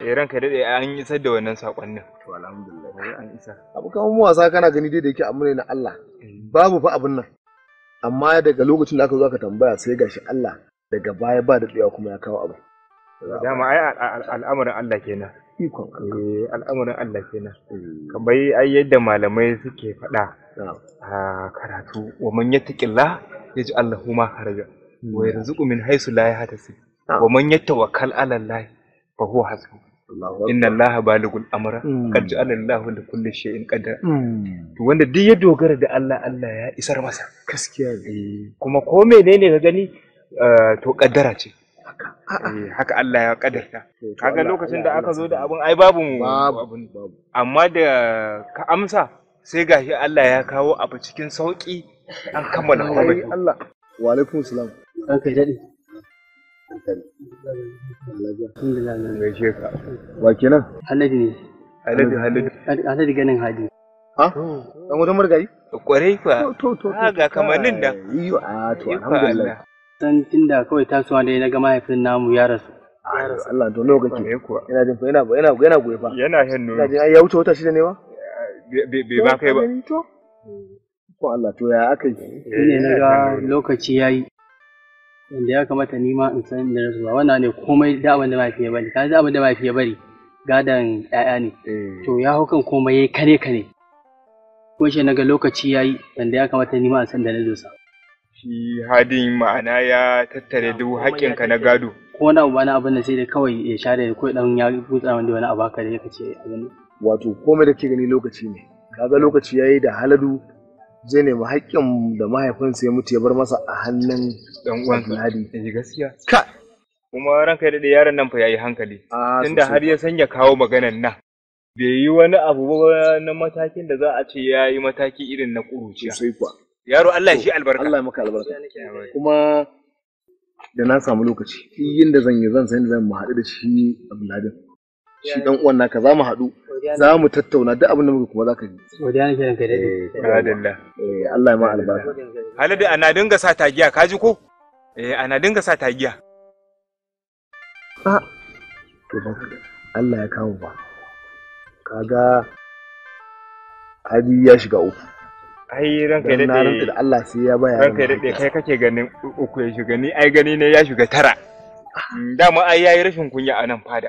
eh ranka dade an isar da wannan sakonnin to alhamdulillah an isa abu kamar mu wasa kana gani dai da yake amure na Allah babu fa abin nan amma daga lokacin da aka zo aka tambaya sai gashi Allah daga baya ba da tsaya kuma ya kawo abu dama ai al'amarin Allah kenan ikon eh al'amarin Allah kenan eh. kamar ai yadda malamai suke faɗa a karatu wa man yattaqilla yaji Allahu ma haraja wa yarzuqu min haythu la yahtasib wa man yatawakkal 'ala Allah fa huwa hasbuh inna Allah baligul amra hmm. qad ja'ala Allah li kulli shay'in qadar hmm. to wanda duk ya dogara da Allah Allah ya isar masa gaskiya kuma ko menene ka gani eh, to kaddara ce haka eh, Allah ya kadarta kaga lokacin da aka zo da abun ai babu mu amma da ka amsa sai gashi Allah ya kawo abu cikin sauki an kammala komai Allah wa alaikum salam ka jadi Alhamdulillah na gaishe ka. Wa kenan? Haladu ne. Haladu Haladu. Haladu ganin Hadi. Ha? Dan wajen margayi? Kwarai fa. To to to. Ah, ga kamannin nan. Iyo a ah, to alhamdulillah. San tunda kawai tasowa da na ga mahaifin namu ya rasu. Ah, Allah to lokaci yana jin yana yana yana goye fa yana hannu ya wuce wata shida ne ba bai ba kai ba ko Allah to ya akai ne na ga lokaci yayi wanda ya kamata ni ma in san da rasu ba wannan ne komai da abin da mafi ya bari kan da abin da mafi ya bari gadan ƴaƴa ne eh. to ya hau kan komai yayi kare kare ko shi naga lokaci yayi wanda ya kamata ni ma in san da na dosa shi hadin ma'ana ya tattare duk haƙƙinka na gado ko na abu na abin da sai da kawai ya share ko dan ya gutsa wanda wani abu haka da yake ce abin wato komai da ke gani lokaci ne kaga lokaci yayi da haladu zai nemi haƙƙin da mahaifinsa ya mutu ya bar masa a hannun ɗan uwan Ladi. Eh gaskiya. Ka kuma ranka ya daɗe yaron nan fa yayi hankali. Tunda har ya sanya kawo maganan nan. Bai yi wani abu ba na matakin da za a ce ya yi mataki irin na ƙuruciya. Sosai kuwa. Yaro Allah shi albarka. Allah maka albarka. Kuma da na samu lokaci, yin da zan yi zan san da zan mu haɗu da shi Abdulladin. shi dan uwan naka za mu haɗu za mu tattauna duk abin da muka kuma za ka ji. Godiya nake ranka da eh, Alhamdulillah. Eh Allah ya ma albarka. Haladu ana dinga sa tagiya ka ji ko? Eh ana dinga sa tagiya. Ah, to ba Allah ya kawo ba. Kaga Hadi ya shiga uku. Ai ranka da na ranka daɗe Allah sai ya baya. Ranka da kai kake ganin uku ya shiga ni ai gani ne ya shiga tara. Ah. Dama ai yayi rashin kunya a nan fada.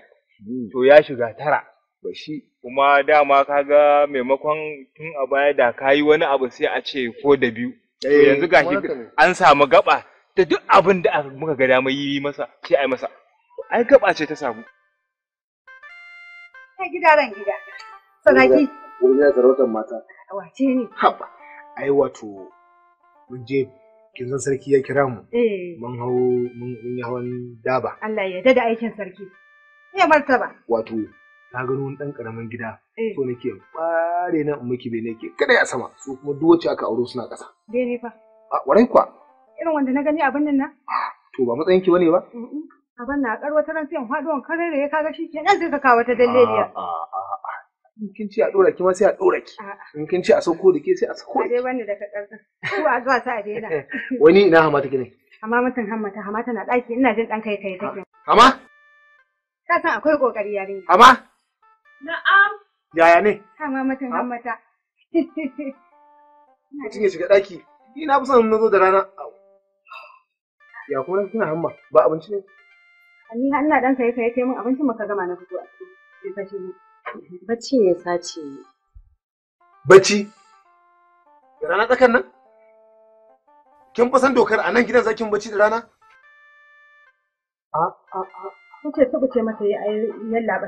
to ya shiga tara ba shi kuma dama kaga maimakon tun a baya da ka yi wani abu sai a ce ko da biyu to eh, yanzu shi an samu gaba da duk abin da muka ga dama yi masa sai ai masa ai gaba ce ta samu kai gidaren gida sanaki wurin ya sarautar mata wace ne haba ai wato mun je kin san sarki ya kira mu eh. mun hau mun yi hawan daba Allah ya yarda da aikin sarki Ya martaba. Wato, na gano wani ɗan ƙaramin gida. Eh. So nake ɓare nan in miki bene ke kada ya sama. So kuma duk wacce aka auro suna ƙasa. Bene fa. A warai kuwa. Irin wanda na gani abin nan na? Ah, to ba matsayin ki bane ba? Abin na ƙar wata ran sai in faɗo in karere ya kaga shi kenan sai ka kawo wata dalleliya. Ah, ah, in kin ce a ɗora ki ma sai a ɗora ki. In kin ce a sauko da ke sai a sauko. dai bane da ka ƙarƙa. a zuwa sa a daina. Wani ina hamata take Hama mutum hamata. Hamata na ɗaki ina jin ɗan kai kai take. Hama? Ka san akwai kokari yarinya. Amma? Na'am. Yaya ne? Kama mata nan mata. Mutum ya shiga ɗaki. Ni na fi son na zo da rana. Ya kuma na kina hamma ba abinci ne? Ni har ina dan saye saye kai min abincin baka gama na fito a cikin. Bacci ne sace. Bacci? Da rana tsakan nan? Kin fi san dokar a nan gidan zakin bacci da rana? A'a. kuke tubuce mata ya yalla ba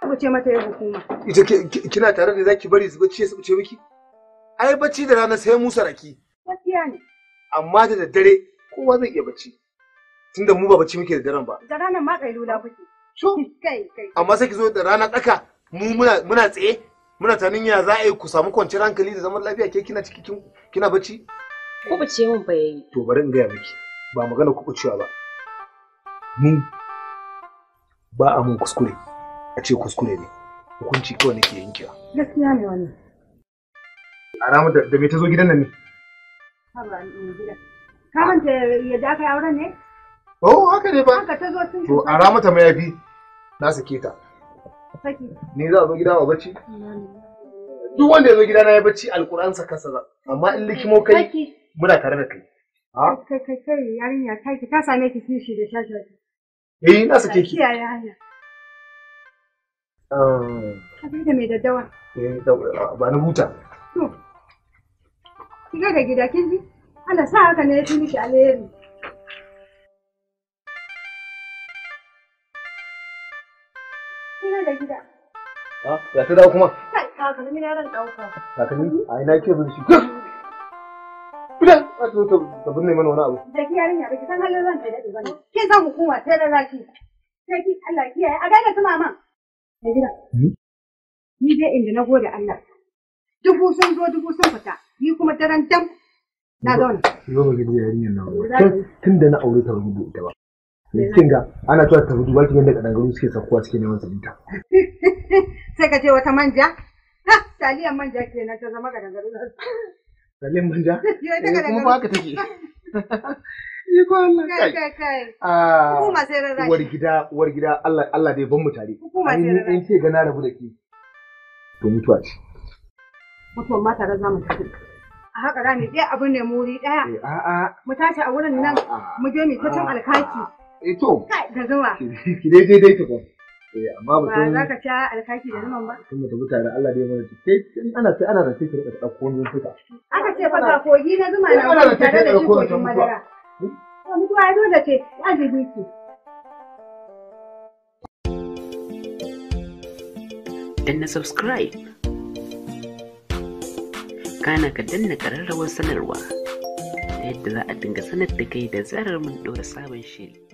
tubuce mata ya hukuma ita kina tare da zaki bari su bacci ya tubuce miki ai bacci da rana sai musa raki gaskiya ne amma da daddare kowa zai iya bacci tunda mu ba bacci muke da daren ba da ranar ma kailula kuke kai kai amma sai ki zo da rana tsaka mu muna muna tsaye muna tanin ya za a yi ku samu kwanciyar hankali da zaman lafiya ke kina ciki kina bacci ku bace mun ba yayi to bari in gaya miki ba magana ku ba mu ba a mun kuskure a ce kuskure ne hukunci kawai nake yankewa gaskiya ne wani a ramar da me ta zo gidan nan ne ka manta yadda aka yi auren ne oh haka ne ba haka ta zo tun to a ramu ta mayafi na sake ta ne za a zo gida ba bacci duk wanda ya zo gida na ya bacci alkuransa kasa ba amma in likimo kai muna tare da kai kai kai kai yarinya kai ki ka same ki kishi da shashi Eh, na sake ki. Kiyaye hanya. Ah. Ka mai daddawa. Eh, ba na huta. da gida kin ji? Allah sa haka ne ya ah, ya ta dawo kuma? Kai, na ran dauka. Takalmi? A ina ke bin shi. Hmm. Kudan za ki zo ta binne mana wani abu. Da ki yarinya ba ki san halin ranka da ba ne. Ke zan hukuma sai da zaki. Sai ki Allah kiyaye a gaida su maman. Mai gida. Hmm? Ni dai inda na gode Allah. Dubu sun zo dubu sun fita. Ni kuma daren dam. Na zauna. Zo ba ki yarinyar nan ba. Tun da na aure ta rubu ita ba. kin ga ana cewa ta ba kin yadda kadangaru suke sakuwa suke neman su bita sai ka je wata manja ha taliyar manja ke kenan ta zama kadangaru lalle mun ja eh, kuma ba ka take Iko Allah kai. Kai kai. Ah. Hukuma sai Uwar gida, uwar gida Allah Allah dai ban mu Hukuma sai rarrashi. Ai ce ga na rabu da ke. To mutuwa ce. Mutuwan ma tare mu tafi. A haka za ne je abin ne muri daya. Eh, a'a. Mu tashi a wurin nan mu je mu ta cin alkaki. Eh to. Kai da zuwa. Ki dai dai dai Eh, amma ba tun za ka ci alkaki da numan ba tun mutu mutane Allah ya mana ci sai in ana sai ana da sai ki rika dauko min suka aka ce fa ga kogi na zuma na wani tare da shi kogin madara to mutuwa ya zo da ce azubi ce danna subscribe kana ka danna kararrawar sanarwa ta yadda za a dinga sanar da kai da zarar mun ɗora sabon shiri